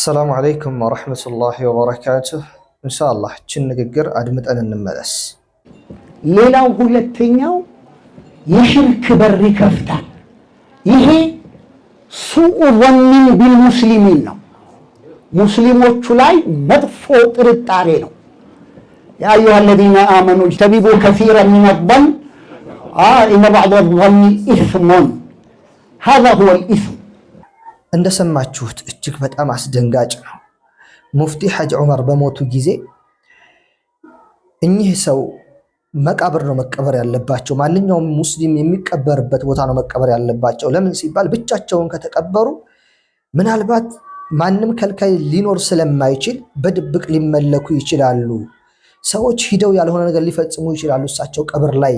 አሰላሙ ዓለይኩም ወረሕመቱላሂ ወበረካቱህ። እንሻአላህ እችን ንግግር አድምጠን እንመለስ። ሌላው ሁለተኛው የሽርክ በር ይከፍታል። ይሄ ሱኡ ዞንን ቢልሙስሊሚን ነው፣ ሙስሊሞቹ ላይ መጥፎ ጥርጣሬ ነው። ያ አዩሃ አለዚነ አመኑ እጅተኒቡ ከሲረን ሚነ ዞን ኢነ በዕደ ዞኒ ኢስሙን ሃዛ ሁወል ኢስም እንደሰማችሁት እጅግ በጣም አስደንጋጭ ነው። ሙፍቲ ሐጅ ዑመር በሞቱ ጊዜ እኚህ ሰው መቃብር ነው መቀበር ያለባቸው። ማንኛውም ሙስሊም የሚቀበርበት ቦታ ነው መቀበር ያለባቸው። ለምን ሲባል ብቻቸውን ከተቀበሩ ምናልባት ማንም ከልካይ ሊኖር ስለማይችል በድብቅ ሊመለኩ ይችላሉ። ሰዎች ሂደው ያልሆነ ነገር ሊፈጽሙ ይችላሉ እሳቸው ቀብር ላይ።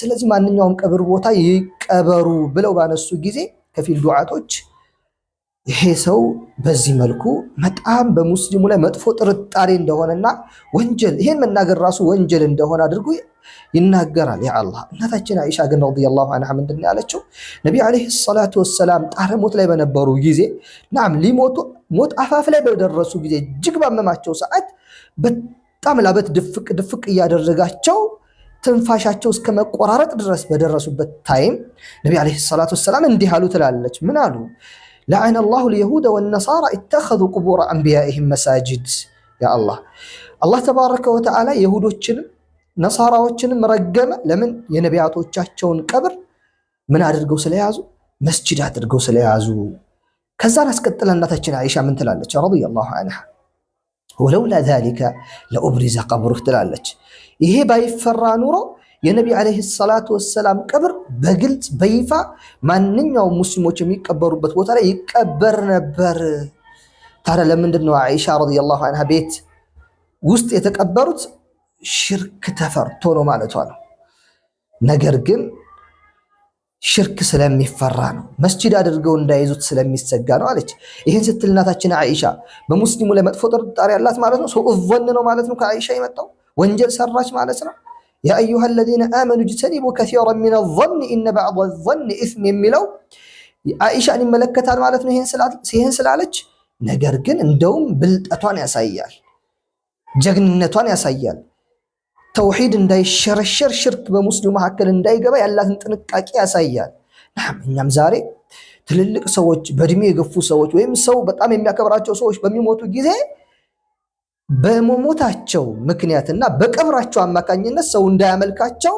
ስለዚህ ማንኛውም ቀብር ቦታ ይቀበሩ ብለው ባነሱ ጊዜ ከፊል ዱዓቶች ይሄ ሰው በዚህ መልኩ በጣም በሙስሊሙ ላይ መጥፎ ጥርጣሬ እንደሆነና ወንጀል ይሄን መናገር ራሱ ወንጀል እንደሆነ አድርጎ ይናገራል። ያአላህ እናታችን አይሻ ግን ረዲየላሁ አንሃ ምንድን ያለችው ነቢ ዓለይሂ ሰላቱ ወሰላም ጣረ ሞት ላይ በነበሩ ጊዜ ናም ሊሞቱ ሞት አፋፍ ላይ በደረሱ ጊዜ እጅግ ባመማቸው ሰዓት በጣም ላበት ድፍቅ ድፍቅ እያደረጋቸው ትንፋሻቸው እስከ መቆራረጥ ድረስ በደረሱበት ታይም ነቢ ዓለይሂ ሰላቱ ወሰላም እንዲህ አሉ ትላለች። ምን አሉ? ለዐነ አላሁ ልየሁደ ወነሳራ ኢተኸዙ ቁቡረ አንቢያኢህም መሳጅድ። ያ አላህ አላህ ተባረከ ወተዓላ የሁዶችንም ነሳራዎችንም ረገመ። ለምን? የነቢያቶቻቸውን ቀብር ምን አድርገው ስለያዙ? መስጅድ አድርገው ስለያዙ። ከዛን አስቀጥለ እናታችን አይሻ ምን ትላለች? ረዲየላሁ ዐንሃ ወለውላ ዛሊከ ለኡብሪዘ ቀብሩህ ትላለች። ይሄ ባይፈራ ኑሮ የነቢ ዓለይሂ ሰላቱ ወሰላም ቀብር በግልጽ በይፋ ማንኛውም ሙስሊሞች የሚቀበሩበት ቦታ ላይ ይቀበር ነበር። ታዲያ ለምንድን ነው አይሻ ረዲየላሁ አንሃ ቤት ውስጥ የተቀበሩት? ሽርክ ተፈርቶ ነው ማለቷ ነው። ነገር ግን ሽርክ ስለሚፈራ ነው። መስጂድ አድርገው እንዳይዙት ስለሚሰጋ ነው አለች። ይህን ስትል እናታችን አይሻ በሙስሊሙ ላይ መጥፎ ጥርጣሬ ያላት ማለት ነው። ሰው እቮን ነው ማለት ነው። ከአይሻ የመጣው ወንጀል ሰራች ማለት ነው። የአዩሃ ለዚነ አመኑ ጅተኒቡ ከሲራ ሚነ ظን ኢነ ባዕض ظን ኢስም የሚለው አኢሻን ይመለከታል ማለት ነው። ይህን ስላለች ነገር ግን እንደውም ብልጠቷን ያሳያል፣ ጀግንነቷን ያሳያል። ተውሂድ እንዳይሸረሸር ሽርክ በሙስሊሙ መካከል እንዳይገባ ያላትን ጥንቃቄ ያሳያል። እኛም ዛሬ ትልልቅ ሰዎች፣ በእድሜ የገፉ ሰዎች ወይም ሰው በጣም የሚያከብራቸው ሰዎች በሚሞቱ ጊዜ በመሞታቸው ምክንያትና በቀብራቸው አማካኝነት ሰው እንዳያመልካቸው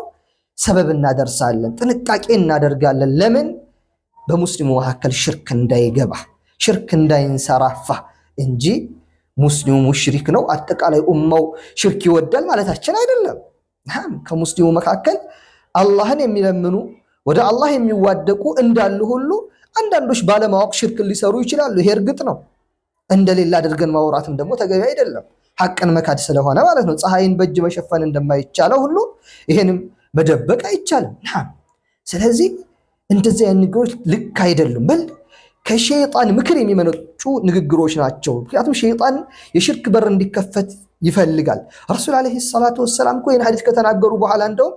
ሰበብ እናደርሳለን፣ ጥንቃቄ እናደርጋለን። ለምን? በሙስሊሙ መካከል ሽርክ እንዳይገባ ሽርክ እንዳይንሰራፋ እንጂ ሙስሊሙ ሙሽሪክ ነው፣ አጠቃላይ ኡማው ሽርክ ይወዳል ማለታችን አይደለም። ከሙስሊሙ መካከል አላህን የሚለምኑ ወደ አላህ የሚዋደቁ እንዳሉ ሁሉ አንዳንዶች ባለማወቅ ሽርክ ሊሰሩ ይችላሉ። ይሄ እርግጥ ነው። እንደሌላ አድርገን ማውራትም ደግሞ ተገቢ አይደለም። ሐቅን መካድ ስለሆነ ማለት ነው። ፀሐይን በእጅ መሸፈን እንደማይቻለው ሁሉ ይሄንም መደበቅ አይቻልም። ስለዚህ እንደዚህ አይነት ንግግሮች ልክ አይደሉም። በል ከሸይጣን ምክር የሚመነጩ ንግግሮች ናቸው። ምክንያቱም ሸይጣን የሽርክ በር እንዲከፈት ይፈልጋል። ረሱል ዓለይሂ ሰላቱ ወሰላም እኮ ይህን ሐዲስ ከተናገሩ በኋላ እንደውም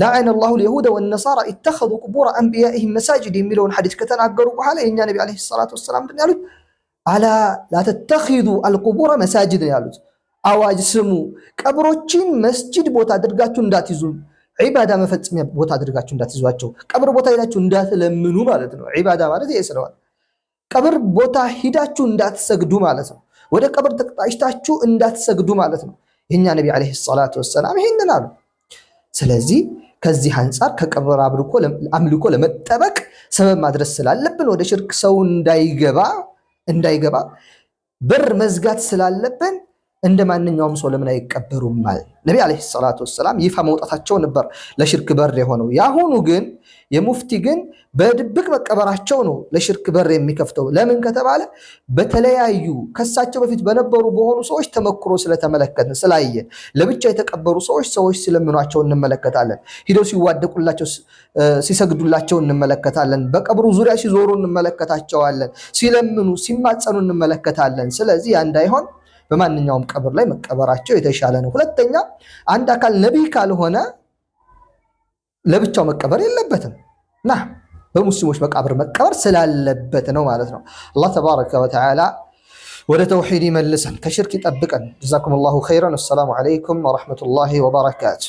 ላዐነ ላሁ ልየሁደ ወነሳራ ኢተኸዙ ቁቡረ አንቢያኢሂም መሳጅድ የሚለውን ሐዲስ ከተናገሩ በኋላ የእኛ ነቢ ዓለይሂ ሰላቱ ወሰላም ምንድን ያሉት አላ ላተተኪዙ አልቁቡረ መሳጅድ ያሉት። አዋጅ ስሙ፣ ቀብሮችን መስጅድ ቦታ አድርጋችሁ እንዳትይዙ፣ ዒባዳ መፈጸሚያ ቦታ አድርጋችሁ እንዳትይዟቸው፣ ቀብር ቦታ ሄዳችሁ እንዳትለምኑ ማለት ነው። ዒባዳ ማለት ይሄ ስለዋል። ቀብር ቦታ ሂዳችሁ እንዳትሰግዱ ማለት ነው። ወደ ቀብር ተቅጣጭታችሁ እንዳትሰግዱ ማለት ነው። የእኛ ነቢ ዓለይሂ ሰላቱ ወሰላም ይህንን አሉ። ስለዚህ ከዚህ አንጻር ከቀብር አምልኮ ለመጠበቅ ሰበብ ማድረስ ስላለብን ወደ ሽርክ ሰው እንዳይገባ እንዳይገባ በር መዝጋት ስላለብን እንደ ማንኛውም ሰው ለምን አይቀበሩም? ማለት ነቢ ዓለይሂ ሰላቱ ወሰላም ይፋ መውጣታቸው ነበር ለሽርክ በር የሆነው። የአሁኑ ግን የሙፍቲ ግን በድብቅ መቀበራቸው ነው ለሽርክ በር የሚከፍተው። ለምን ከተባለ በተለያዩ ከሳቸው በፊት በነበሩ በሆኑ ሰዎች ተመክሮ ስለተመለከትን ስላየን፣ ለብቻ የተቀበሩ ሰዎች ሰዎች ሲለምኗቸው እንመለከታለን። ሂደው ሲዋደቁላቸው፣ ሲሰግዱላቸው እንመለከታለን። በቀብሩ ዙሪያ ሲዞሩ እንመለከታቸዋለን። ሲለምኑ፣ ሲማጸኑ እንመለከታለን። ስለዚህ ያ እንዳይሆን በማንኛውም ቀብር ላይ መቀበራቸው የተሻለ ነው። ሁለተኛ አንድ አካል ነቢይ ካልሆነ ለብቻው መቀበር የለበትም እና በሙስሊሞች መቃብር መቀበር ስላለበት ነው ማለት ነው። አላህ ተባረከ ወተዓላ ወደ ተውሒድ ይመልሰን፣ ከሽርክ ይጠብቀን። ጀዛኩም ላሁ ኸይረን። አሰላሙ ዓለይኩም ወረሕመቱላሂ ወበረካቱ።